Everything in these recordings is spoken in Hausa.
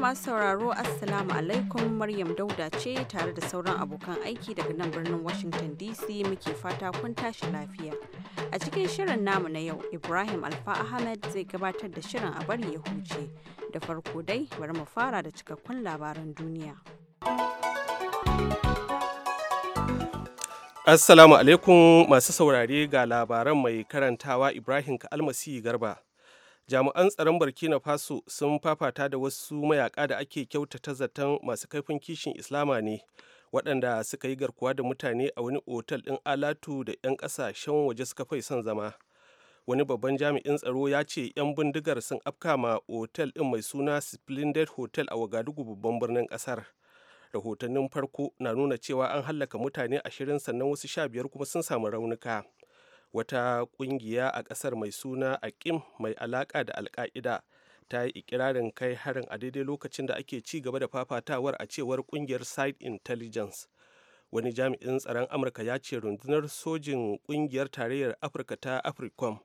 masu sauraro Assalamu alaikum Maryam Dauda ce tare da sauran abokan aiki daga nan birnin Washington DC muke fata kun tashi lafiya. A cikin shirin namu na yau, Ibrahim Alfa Ahmed zai gabatar da shirin a bari ya huce. Da farko dai, bari mu fara da cikakkun labaran duniya. Assalamu alaikum masu saurare ga labaran mai karantawa Ibrahim Kalmasi Garba. jami'an tsaron burkina faso sun fafata da wasu mayaka da ake kyautata zaton masu kaifin kishin islama ne waɗanda suka yi garkuwa da mutane a wani otal ɗin alatu da 'yan ƙasashen waje suka fai son zama wani babban jami'in tsaro ya ce 'yan bindigar sun afka ma otal ɗin mai suna splendid hotel a wagadugu babban birnin ƙasar rahotannin farko na nuna cewa an hallaka mutane ashirin sannan wasu sha biyar kuma sun samu raunuka wata kungiya a kasar mai suna akim mai alaka da alka'ida ta yi ikirarin kai harin a daidai lokacin da ake ci gaba da fafatawar a cewar kungiyar side intelligence wani jami'in tsaron amurka ya ce rundunar sojin kungiyar tarayyar afirka ta africom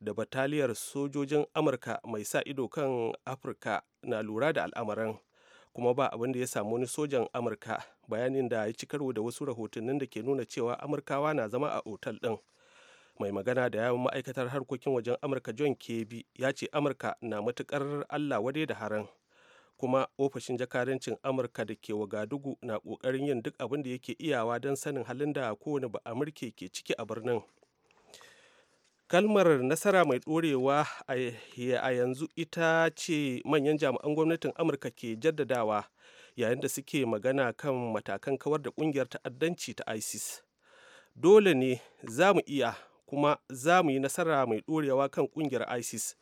da bataliyar sojojin amurka mai sa ido kan afirka na lura da al'amuran kuma ba abin da ya samu wani sojan amurka bayanin da ya ci karo da wasu rahotannin da ke nuna cewa amurkawa na zama a otal din. mai magana da yawon ma'aikatar harkokin wajen amurka john kebi ya ce amurka na matukar allah wadai da haran kuma ofishin jakarancin amurka da ke wagadugu na kokarin yin duk abin da yake iyawa don sanin halin da kowane ba amurke ke ciki a birnin kalmar nasara mai dorewa a yanzu ita ce manyan jami'an gwamnatin amurka ke jaddadawa yayin da suke magana kan matakan kawar da ƙungiyar ta'addanci ta isis dole ne za mu iya kuma za mu yi nasara mai ɗorewa kan ƙungiyar isis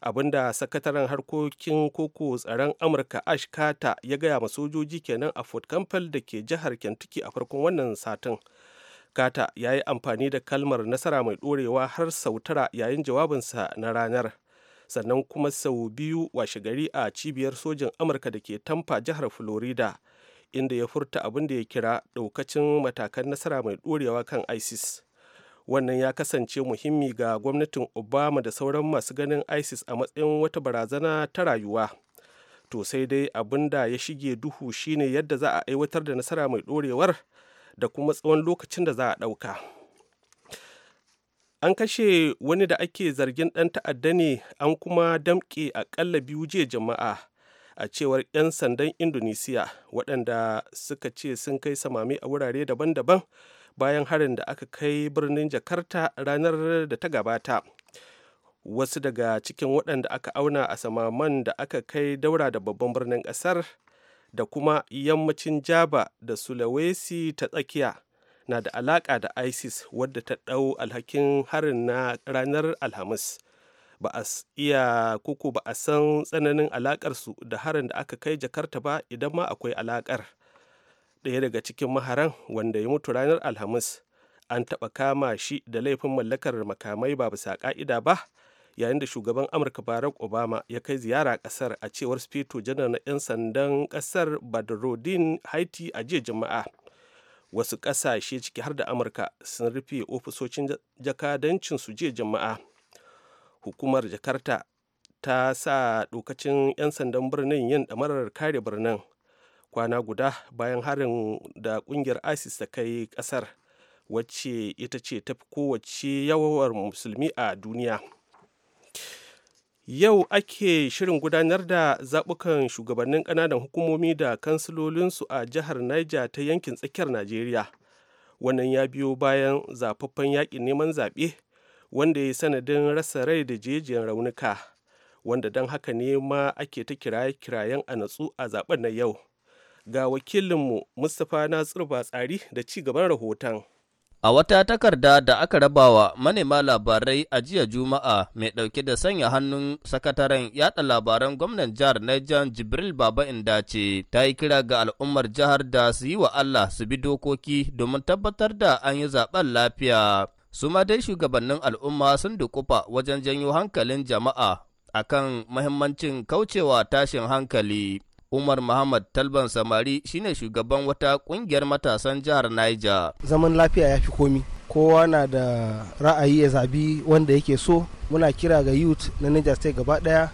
abinda sakataren harkokin koko tsaron amurka ash carter ya gaya ma sojoji kenan a fort campbell da ke jihar kentucky a farkon wannan satin kata ya yi amfani da kalmar nasara mai ɗorewa har sau tara yayin jawabinsa na ranar sannan kuma sau biyu washe gari a cibiyar sojin amurka da ke tampa jihar florida inda ya furta abin da ya kira ɗaukacin matakan nasara mai ɗorewa kan isis wannan ya kasance muhimmi ga gwamnatin obama da sauran masu ganin isis a matsayin wata barazana ta rayuwa to sai dai abin da ya shige duhu shine yadda za a aiwatar da nasara mai dorewar da kuma tsawon lokacin da za a ɗauka an kashe wani da ake zargin ɗan ta'adda ne an kuma damƙe aƙalla biyu jiya jama'a a cewar 'yan sandan indonesiya waɗanda suka ce sun kai samami a wurare daban-daban bayan harin da aka kai birnin jakarta ranar da ta gabata wasu daga cikin waɗanda aka auna a samaman da aka kai daura da babban birnin ƙasar da kuma yammacin jaba da sulawesi ta tsakiya na da alaƙa da isis wadda ta ɗau alhakin harin na ranar alhamis ba a iya kuku ba a san tsananin alaƙarsu da harin da aka kai jakarta ba idan ma akwai alaƙar ɗaya daga cikin maharan wanda ya mutu ranar alhamis an taɓa kama shi da laifin mallakar makamai ba bisa ƙa'ida ba yayin da shugaban amurka barack obama ya kai ziyara ƙasar a cewar spito janar na 'yan sandan ƙasar badrodin haiti a jiya juma'a wasu ƙasashe ciki har da amurka sun rufe ofisocin jakadancin su jiya juma'a hukumar jakarta ta sa dokacin 'yan sandan birnin yin ɗamarar kare birnin kwana guda bayan harin da kungiyar isis ta kai kasar wacce ita ce ta fi kowace yawar musulmi a duniya yau ake shirin gudanar da zaɓukan shugabannin ƙananan hukumomi da kansilolinsu a jihar niger ta yankin tsakiyar najeriya wannan ya biyo bayan zafaffen yaƙin neman zaɓe wanda ya sanadin rasa rai da jejiyar raunuka wanda don haka ne ma ake ta kiraye-kirayen a natsu a zaɓen na yau ga wakilinmu mustapha nasiru batsari da ci gaban rahoton a wata takarda da aka rabawa manema labarai a jiya juma'a mai ɗauke da sanya hannun sakataren yada labaran gwamnan jihar Niger jibril baba inda ce ta yi kira ga al'ummar jihar da su yi wa allah su bi dokoki domin tabbatar da an yi zaben lafiya su ma dai shugabannin al'umma sun dukufa wajen janyo hankalin jama'a akan mahimmancin kaucewa tashin hankali Umar Muhammad Talban Samari shine shugaban wata kungiyar matasan jihar Niger. Zaman lafiya ya fi komi. Kowa na da ra'ayi ya zabi wanda yake so. Muna kira ga youth na Niger State gaba ɗaya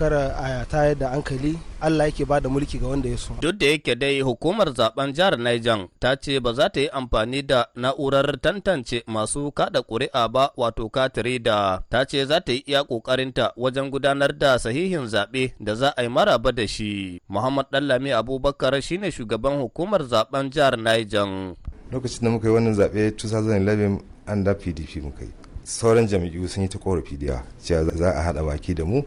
shekara a tayar da hankali Allah yake ba da mulki ga wanda ya so. Duk da yake dai hukumar zaben jihar Niger ta ce ba za ta yi amfani da na'urar tantance masu kada ƙuri'a ba wato katire da ta ce za ta yi iya ƙoƙarinta wajen gudanar da sahihin zaɓe da za a yi maraba da shi. Muhammad Dallami Abubakar shine shugaban hukumar zaben jihar Niger. Lokacin da muka yi wannan zaɓe 2011 an da PDP muka yi. Sauran jam'iyyu sun yi ta korafi da cewa za a haɗa baki da mu.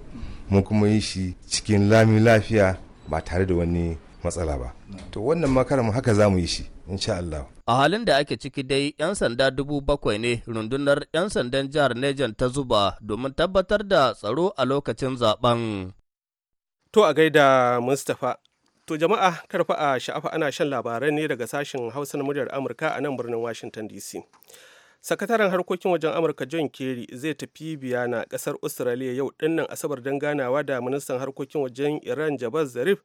mun kuma yi shi cikin lami lafiya ba tare da wani matsala ba to wannan makaramu haka za mu yi shi insha Allah a halin da ake ciki dai 'yan sanda dubu bakwai ne rundunar 'yan sandan jihar Nejan ta zuba domin tabbatar da tsaro a lokacin zaben to a gaida Mustapha To jama'a karfa a sha'afa ana shan labarai ne daga sashen Hausa na muryar Amurka a nan birnin Washington DC. sakataren harkokin wajen amurka john kerry zai tafi biyana kasar australia yau dinnan asabar don ganawa da ministan harkokin wajen iran jabaz zarif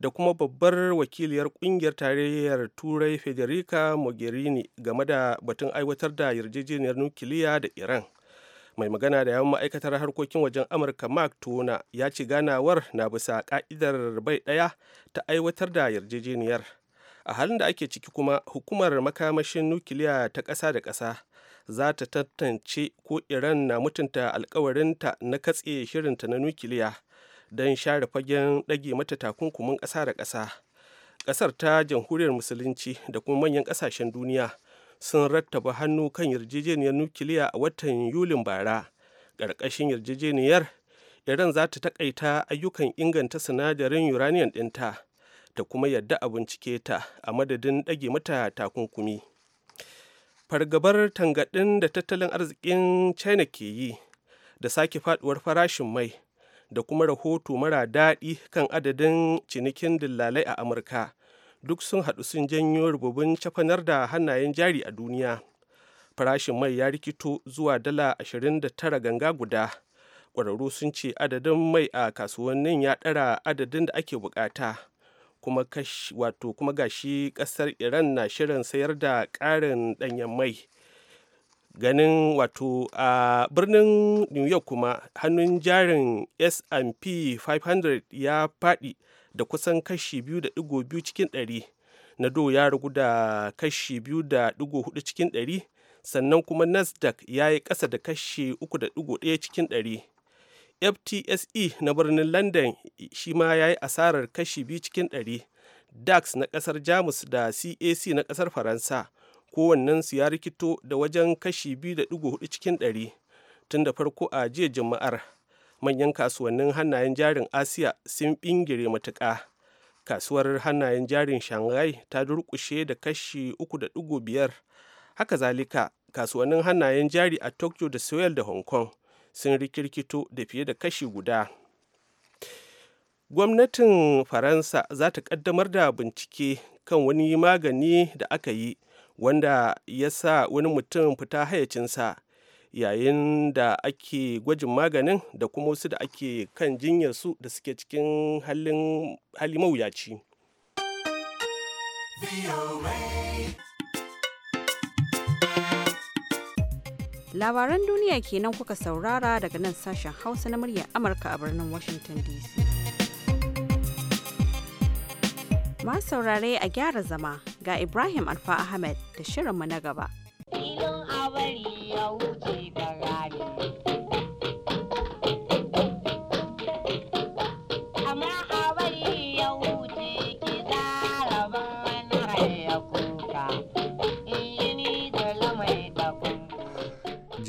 da kuma babbar wakiliyar kungiyar tarayyar turai federica mogherini game da batun aiwatar da yarjejeniyar nukiliya da iran mai magana da yawan ma'aikatar harkokin wajen amurka mark tona ya ce ganawar na bisa ka'idar bai ɗaya ta aiwatar da yarjejeniyar a halin da ake ciki kuma hukumar makamashin nukiliya ta ƙasa da ƙasa za ta tantance ko iran na mutunta alkawarinta na katse shirinta na nukiliya don share fagen ɗage mata takunkumin ƙasa da ƙasa ƙasar ta jamhuriyar musulunci da kuma manyan ƙasashen duniya sun rattaba hannu kan yarjejeniyar nukiliya a watan yulin bara ƙarƙashin yarjejeniyar iran za ta taƙaita ayyukan inganta sinadarin uranium ɗinta ta kuma yadda a bincike ta a madadin ɗage mata takunkumi fargabar tangaɗin da tattalin arzikin china ke yi da sake faɗuwar farashin mai da kuma rahoto mara daɗi kan adadin cinikin dillalai a amurka duk sun haɗu sun janyo rububin cafanar da hannayen jari a duniya farashin mai ya rikito zuwa dala 29 ganga guda ƙwararru sun ce adadin mai a kasuwannin ya ɗara adadin da ake bukata kuma wato kuma gashi kasar iran na shirin sayar da karin danyen mai ganin wato a birnin new york kuma hannun jarin s&p 500 ya fadi da kusan kashi 2.2 cikin 100 na do ya ragu da kashi 2.4 cikin 100 sannan kuma nasdaq ya yi kasa da kashi 3.1 cikin 100 ftse na birnin london shi ma ya yi asarar kashi biyu cikin ɗari dax na ƙasar jamus da cac na ƙasar faransa kowannensu ya rikito da wajen kashi biyu da hudu cikin ɗari tun da farko a jiya juma'ar manyan kasuwannin hannayen jarin asiya sun bingire matuƙa kasuwar hannayen jarin shanghai ta durƙushe da kashi 3.5 haka zalika kasuwannin hannayen jari a tokyo da seoul da hong kong sun rikirkito da fiye da kashi guda gwamnatin faransa za ta kaddamar da bincike kan wani magani da aka yi wanda ya sa wani mutum fita hayacinsa yayin da ake gwajin maganin da kuma wasu da ake kan jinyarsu da suke cikin hali mawuyaci. Labaran duniya kenan kuka saurara daga nan sashen Hausa na muryar Amurka a birnin Washington DC. Masu saurare a gyara zama ga Ibrahim Alfa Ahmed da shirinmu na gaba. Ilon ya wuce.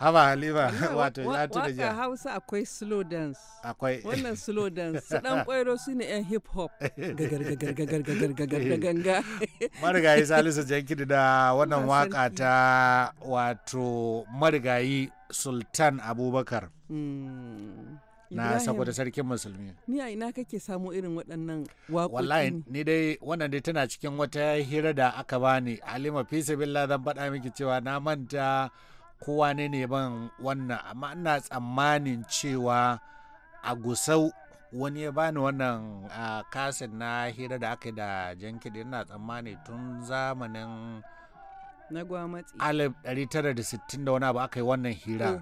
haba halima wato ya tuda ja hausa akwai slow dance akwai wannan slow dance su dan kwairo su ne yan hip hop ganga marigayi salisu jankidi da wannan waka ta wato marigayi sultan abubakar hmm. na saboda sarkin musulmi ni a ina kake samu irin waɗannan waƙoƙi wallahi ni dai wannan dai tana cikin wata hira da aka bani halima fi billah zan faɗa miki cewa na manta kowa ne ne ban wannan amma ina tsammanin cewa a gusau wani ya bani wannan kasin na hira da aka yi da jankiɗi ina tsammani tun zamanin na 1960 da wani abu aka yi wannan hira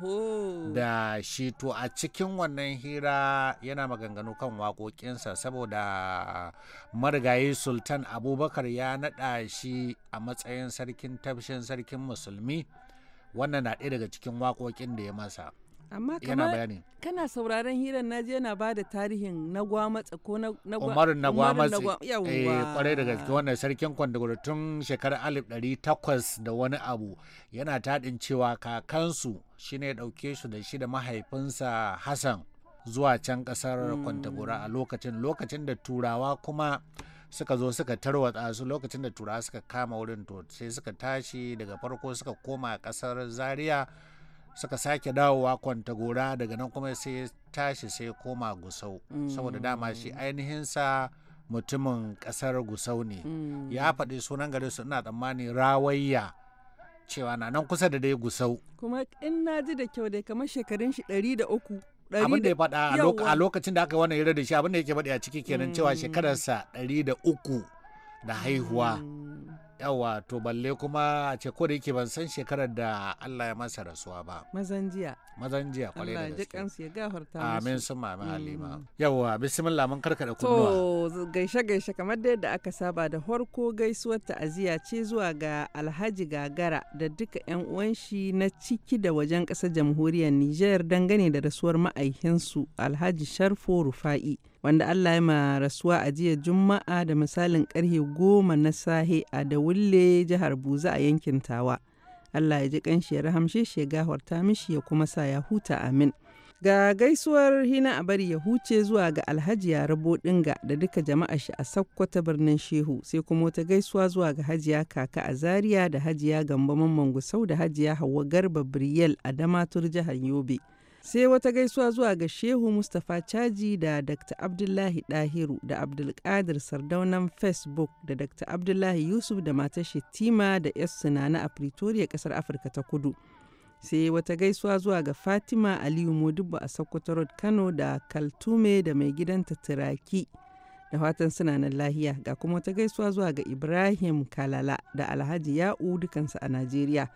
da shi to a cikin wannan hira yana maganganu kan waƙoƙinsa saboda marigayi sultan abubakar ya naɗa shi a matsayin sarkin tafshin sarkin musulmi wannan na ɗaya daga cikin waƙoƙin da ya masa amma kana bayani kana sauraron hirar naji yana ba da tarihin na gwamatsa ko na umaru na gwamatsa eh kwarai da wannan sarkin kwandagoro tun shekarar alif ɗari takwas da wani abu yana taɗin cewa kakansu shine ne ɗauke su da shi da mahaifinsa hassan zuwa can ƙasar kwantagora a mm. lokacin lokacin da turawa kuma suka zo suka tarwatsa su lokacin da turawa suka kama wurin to sai suka tashi daga farko suka koma kasar zaria suka sake dawowa kwanta gora daga nan kuma sai tashi sai koma gusau saboda dama shi mm. ainihin sa mutumin kasar gusau ne mm. ya faɗi sunan gare su ina tsammani rawayya cewa na nan kusa da dai gusau kuma in na ji da kyau da kamar shekarun shi ɗari da uku abin da ya faɗa a lokacin da aka wani hira da shi abin da yake faɗi a ciki kenan cewa mm. shekararsa ɗari da uku da haihuwa mm. yawa to balle kuma a ce ko da yake ban san shekarar da Allah ya masa rasuwa ba mazan jiya mazan jiya kwalai da gaske Allah ya gafarta musu amin sun mm. mami halima yawa bismillah mun karkada kunnuwa to gaishe gaishe kamar da yadda aka saba da farko gaisuwar ta'aziyya ce zuwa ga Alhaji Gagara da duka yan uwan shi na ciki da wajen ƙasar jamhuriyar Niger dangane da rasuwar ma'aikinsu Alhaji Sharfo Rufa'i wanda Allah ya ma rasuwa a jiya Juma'a da misalin karhe goma na sahe a da wulle jihar Buza a yankin Tawa. Allah ya ji kanshi ya rahamshe shi ya gafarta mishi ya kuma sa ya huta amin. Ga gaisuwar hina a bari ya huce zuwa ga Alhaji rabo Dinga da duka jama'a shi a Sakkwata birnin Shehu sai kuma wata gaisuwa zuwa ga Hajiya Kaka a Zaria da Hajiya Gambo Mamman Gusau da Hajiya Hauwa Garba Briyel a Damatur jihar Yobe. sai wata gaisuwa zuwa ga shehu mustapha caji da dr abdullahi dahiru da abdulkadir sardaunan facebook da dr abdullahi yusuf da matar shittima da yassu na a pretoria kasar afirka ta kudu sai wata gaisuwa zuwa ga fatima aliyu modibo a sokoto road kano da kaltume da mai gidanta turaki da fatan suna nan lahiya ga kuma wata gaisuwa zuwa ga ibrahim kalala da alhaji ya'u dukansu a najeriya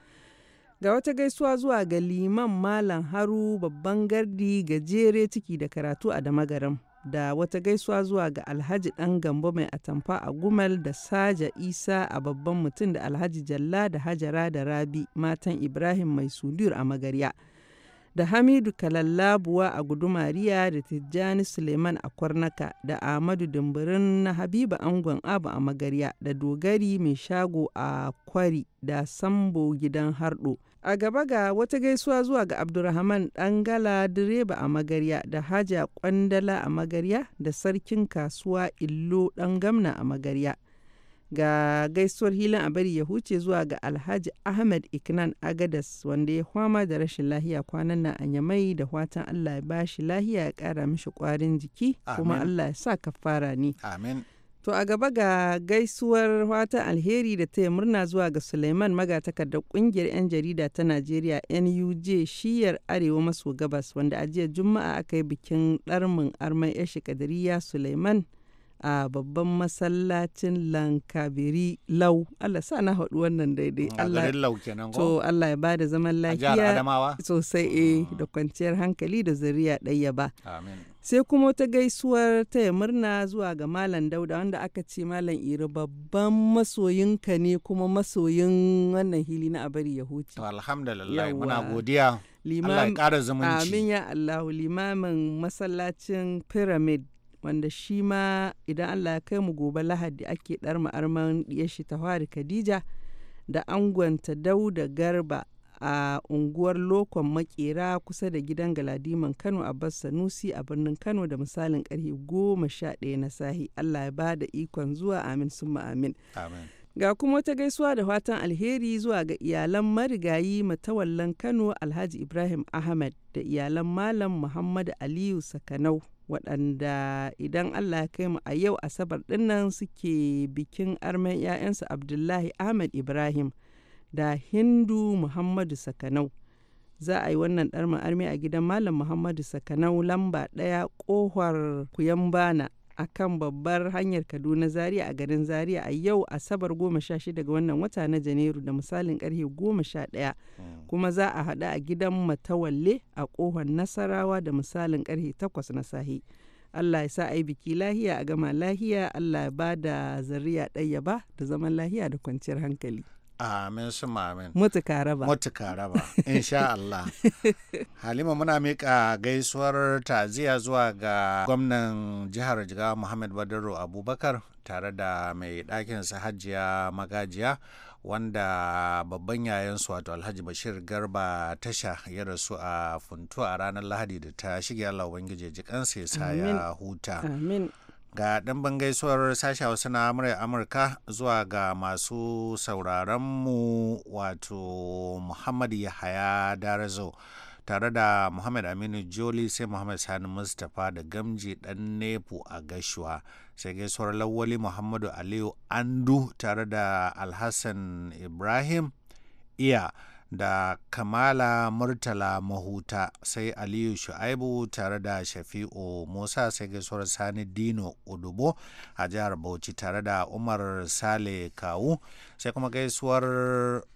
Ga wata gaisuwa zuwa ga Liman Malam Haru babban gardi gajere ciki da karatu a Damagaram. Da wata gaisuwa zuwa ga Alhaji dan gambo mai atamfa a Gumal da Saja Isa a babban mutum da Alhaji Jalla da Hajara da Rabi matan Ibrahim mai sudur a Magarya. da Hamidu Kalallabuwa a Gudumariya da Tijjani Suleiman a Kwarnaka da Ahmadu dimbirin na Habiba Angon Abu a Magarya da Dogari Mai Shago a Kwari da Sambo Gidan Hardo a gaba ga wata gaisuwa zuwa ga abdulrahman dangala direba a magarya da haja kwandala a magarya da sarkin kasuwa illo dan gamna a magarya ga gaisuwar hilin a bari ya huce zuwa ga alhaji ahmed iknan agadas wanda ya kwama da rashin lahiya kwanan na a yamai da watan allah ya bashi lahiya ya kara mishi kwarin jiki kuma allah ya sa kafara ne ni. To a gaba ga gaisuwar wata alheri da taya murna zuwa ga Suleiman magatakardar kungiyar 'yan jarida ta Najeriya NUJ shiyar Arewa maso gabas wanda a jiya Juma'a aka yi bikin ɗarmin arman 'yar shekadariya Suleiman a babban masallacin Lankabiri Lau. Allah sa na haɗu wannan daidai. Allah To Allah ya bada zaman lafiya sosai eh, da ah. kwanciyar hankali da zuriya ɗaya ba. Amin. sai kuma wata gaisuwar taya murna zuwa ga malam dauda wanda aka ce malam iri babban masoyinka ne kuma masoyin wannan hili na abari ya huce alhamdulillah muna godiya Allah ya kara zumunci amin ya allahu limamin masallacin pyramid wanda shi ma idan Allah ya kai mu gobe lahadi ake ɗar ma'arman shi ta Khadija da angonta Dauda Garba a unguwar Lokon Makera kusa da gidan Galadiman Kano a Bas Sanusi a birnin Kano da misalin karhe goma sha ɗaya na sahi. Allah ya ba da ikon zuwa amin summa amin. Ga kuma wata gaisuwa da fatan alheri zuwa ga iyalan marigayi matawallan Kano Alhaji Ibrahim Ahmed da iyalan Malam Muhammad Aliyu Sakanau waɗanda idan Allah ya kai mu a yau Asabar ɗinnan suke bikin armen 'ya'yansa Abdullahi Ahmed Ibrahim. da Hindu Muhammadu Sakanau. Za a yi wannan ɗar ma'armi a gidan Malam Muhammadu Sakanau lamba ɗaya ƙohar Kuyambana a kan babbar hanyar Kaduna Zaria a garin Zaria a yau Asabar 16 ga wannan wata na Janairu da misalin karfe 11 hmm. kuma za a haɗu a gidan Matawalle a ƙohar Nasarawa da misalin karfe 8 na sahi. Allah ya sa a yi biki lahiya a gama lahiya Allah ya ba da zariya ɗaya ba da zaman lahiya da kwanciyar hankali. Amin su amin. Mutuka raba. Mutuka raba, insha Allah. Halima muna miƙa gaisuwar taziya zuwa ga gwamnan jihar Jigawa Muhammad Badaru Abubakar tare da mai ɗakinsa Hajiya Magajiya. wanda babban yayansu wato alhaji bashir garba tasha ya rasu a funtuwa a ranar lahadi da ta shige allah ubangiji jikansa ya sa ya huta ga ɗan bangaisuwar sashen hausa na muryar amurka zuwa ga masu sauraronmu wato muhammad yahaya darazo tare da muhammad aminu joli sai muhammad sani mustapha da gamji ɗan nefu a gashuwa sai gaisuwar lawali muhammadu aliyu andu tare da alhassan ibrahim iya da kamala murtala mahuta sai aliyu shu'aibu tare da shafi'u musa sai gaisuwar sani dino udubo a jihar bauchi tare da umar sale kawu sai kuma gaisuwar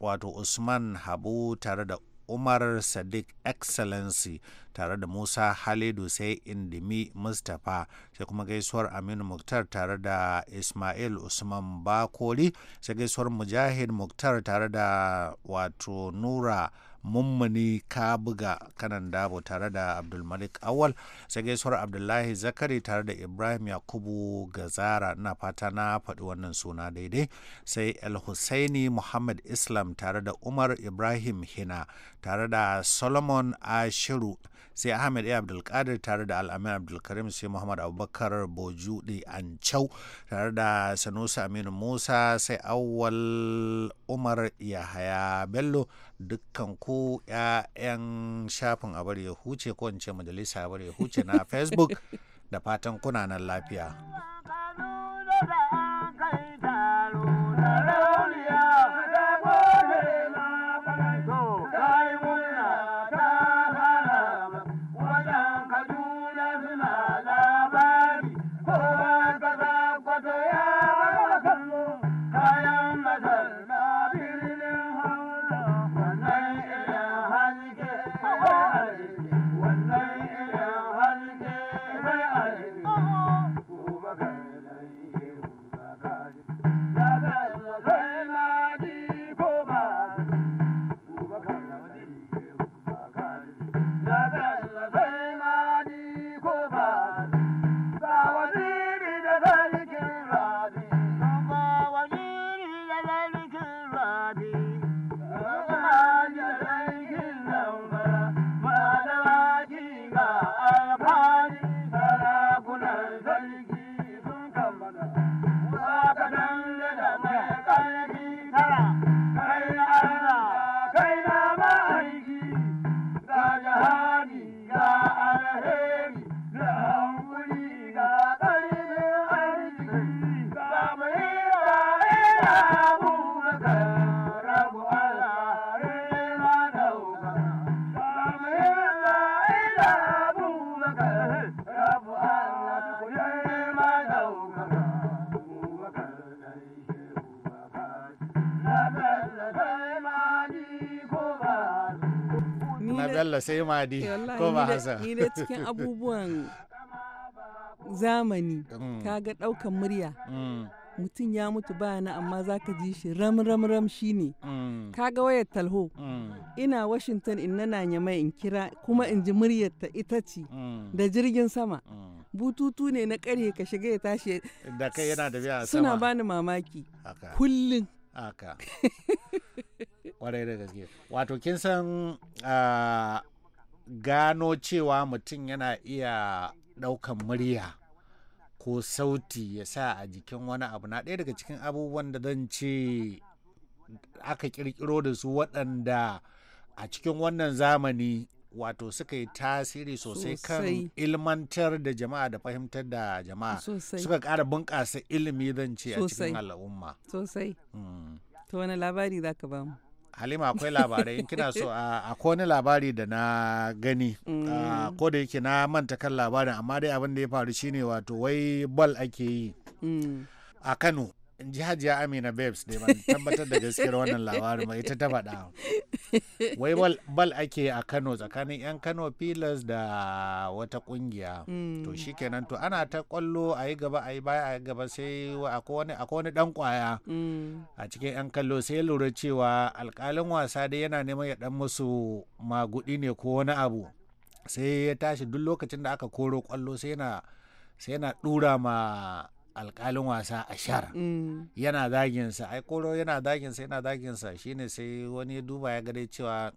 wato usman habu tare da Umar Sadiq Excellency tare da Musa Halidu sai Indimi Mustapha sai kuma gaisuwar Aminu Muktar tare da Ismail Usman Bakori sai gaisuwar Mujahid Muktar tare da wato Nura mummuni ka buga kanan dabo tare da abdulmalik awal sai gaisuwar abdullahi zakari tare da ibrahim yakubu gazara na fata na faɗi wannan suna daidai sai el husaini muhammad islam tare da umar ibrahim hina tare da solomon ashiru sai ahmed a abdulkadir tare da al'amin abdulkarim sai muhammad abubakar bojude ancau tare da sanusi aminu musa sai awwal umar yahaya bello dukkan ku 'ya'yan shafin a abar ya huce ko in ce majalisa abar ya huce na facebook da fatan kuna nan lafiya sai madi eh, ko ba hasa ni da cikin abubuwan zamani mm. kaga daukan murya mm. mutum ya mutu bayana amma za ka ji shi ram ram ram shi ne mm. kaga wayar talho ina washington in nana nyamai in kira kuma in ji ta ita ce da jirgin sama bututu ne na karhe ka shiga ya tashi da kai yana da biya suna bani mamaki kullum haka kwarai da gaske wato kin san ah, gano cewa mutum yana iya ɗaukan murya ko sauti ya sa a jikin wani abu na ɗaya daga cikin abubuwan da zan ce aka ƙirƙiro da su waɗanda a cikin wannan zamani wato suka yi tasiri sosai kan ilmantar da jama'a da fahimtar da jama'a suka ƙara bunƙasa ilimi zan ce a cikin al'umma sosai mm. to wani labari za ka bamu halima akwai labarai kina so a ah, wani labari da na gani mm. ah, ko da yake na manta kan labarin amma dai abin da ya faru shine wato wai bal ake yi mm. a kano in ji hajiya amina babes ne ban tabbatar da gaskiyar wannan labarin ba ita ta faɗa wai bal ake a kano tsakanin yan kano pillars da wata kungiya hmm. to shikenan to ana ta kwallo a yi gaba a yi baya a yi gaba sai akwai wani dan kwaya hmm. a cikin yan kallo sai lura cewa alkalin wasa dai yana neman ya dan musu magudi ne ko wani abu sai ya tashi duk lokacin da aka koro kwallo sai yana sai yana dura ma alkalin wasa a shara mm. yana daginsa ai koro yana daginsa yana daginsa shine sai wani duba ya gare cewa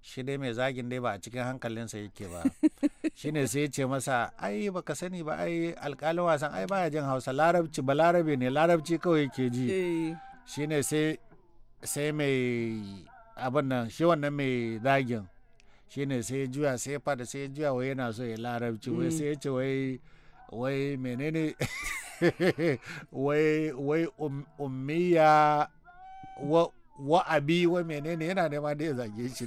shi dai mai zagin dai ba a cikin hankalinsa yake ba shine sai ya ce masa ai baka sani ba ai alkalin wasan ai baya jin hausa larabci ba larabe ne larabci kawai yake ji eh. shine sai sai mai abin nan shi wannan mai zagin shine sai ya juya sai ya fada sai ya juya wai yana so ya larabci wai mm. sai ya ce wai wai menene wai wai um, ummiya wa wa abi wa menene yana nema da ya zage shi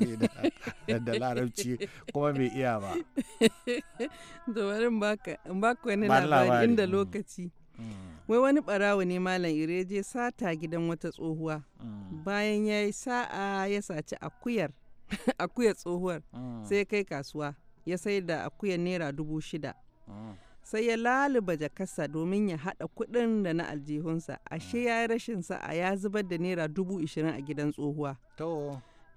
ne da larabci kuma bai iya ba da warin baka wani labari inda mm. lokaci mm. wai wani barawo ne malam ireje sata gidan wata tsohuwa mm. bayan ya yi sa'a ya saci akuyar akuyar tsohuwar sai kai kasuwa ya sai da akuyar naira dubu shida sai ya laluba jakarsa domin ya haɗa kuɗin da na aljihunsa ashe mm. ya yi rashin sa'a ya zubar da naira dubu ishirin a gidan tsohuwa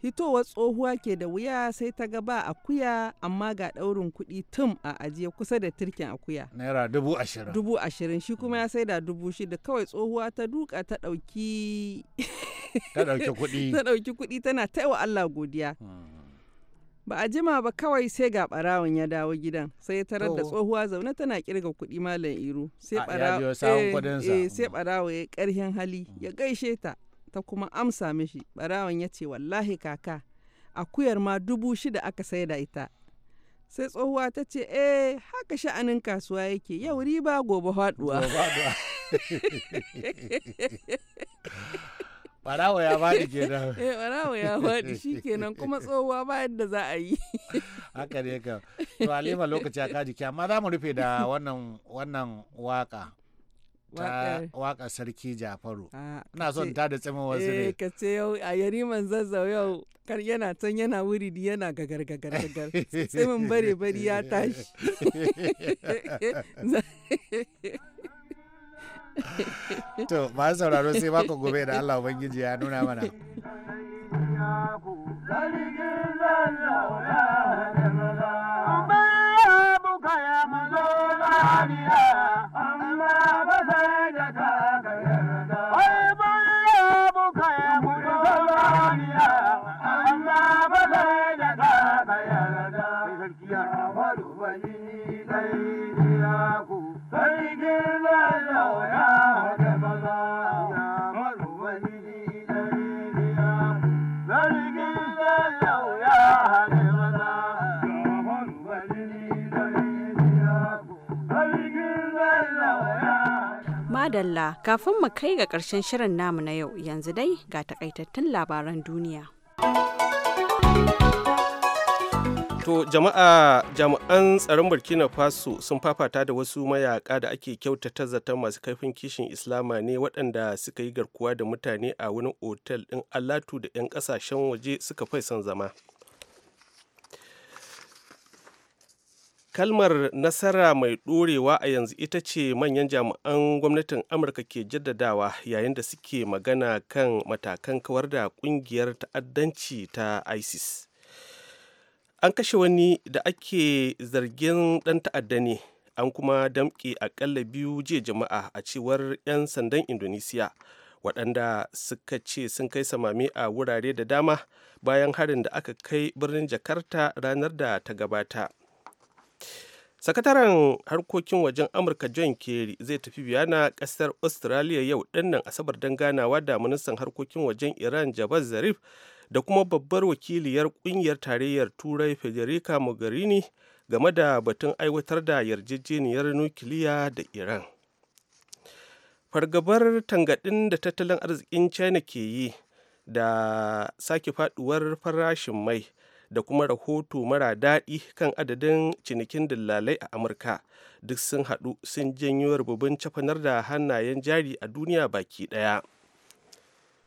hitowar tsohuwa ke da wuya sai ta ga ba akuya amma ga ɗaurin kuɗi tum a ajiye kusa da turkin akuya naira dubu ashirin dubu ashirin shi kuma ya mm. sai da dubu shida kawai tsohuwa ta duka ta ɗauki ta ɗauki kuɗi ta ɗauki kuɗi tana taiwa Allah godiya hmm. ba a jima ba kawai sai ga barawon ya dawo gidan sai ya tarar da tsohuwa zaune tana kirga kuɗi malam iru sai barawo ya karhin eh, eh, hali ya gaishe ta ta kuma amsa mishi barawon ya ce wallahi kaka akuyar ma dubu shida aka da ita sai tsohuwa ta ce eh haka sha'anin kasuwa yake yau riba gobe haɗuwa barawa ya faɗi kenan eh barawa ya faɗi shikenan kuma tsohuwa ba yadda za a yi haka ne ka to alima lokaci a kaji ki amma za mu rufe da wannan wannan waka ta waka sarki jafaru ah, ina son ta da tsimin wasu ne Eh ka ce yau a yariman zazzau yau kar yana can yana wuri wuridi yana gagar gagar gagar tsimin bare bari ya tashi to ma sauraro sai makon gobe da Allah ubangiji ya nuna mana Babu kaya mazo madalla kafin mu kai ga ƙarshen shirin namu na yau yanzu dai ga takaitattun labaran duniya. To jama'a jami'an tsaron Burkina Faso sun fafata da wasu mayaka da ake kyautata zaton masu kaifin kishin Islama ne waɗanda suka yi garkuwa da mutane a wani otel ɗin Alatu da 'yan ƙasashen waje suka fai son zama. kalmar nasara mai ɗorewa a yanzu ita ce manyan jami'an gwamnatin amurka ke jaddadawa yayin da suke magana kan matakan kawar da ƙungiyar ta'addanci ta isis an kashe wani da ake zargin ɗan ta'adda ne an kuma damƙe aƙalla biyu je jama'a a cewar 'yan sandan indonesiya waɗanda suka ce sun kai samami a wurare da dama bayan harin da aka kai birnin jakarta ranar da ta gabata sakataren harkokin wajen amurka john kerry zai tafi biyana kasar australia yau dinnan asabar don ganawa da ministan harkokin wajen iran jabaz zarif da kuma babbar wakiliyar kungiyar tarayyar turai federica mogherini game da batun aiwatar da yarjejeniyar nukiliya da iran fargabar tangadin da tattalin arzikin china ke yi da sake faduwar farashin mai da kuma rahoto mara daɗi kan adadin cinikin dillalai a amurka duk sun haɗu sun janyo rububin cafanar da hannayen jari a duniya baki ɗaya.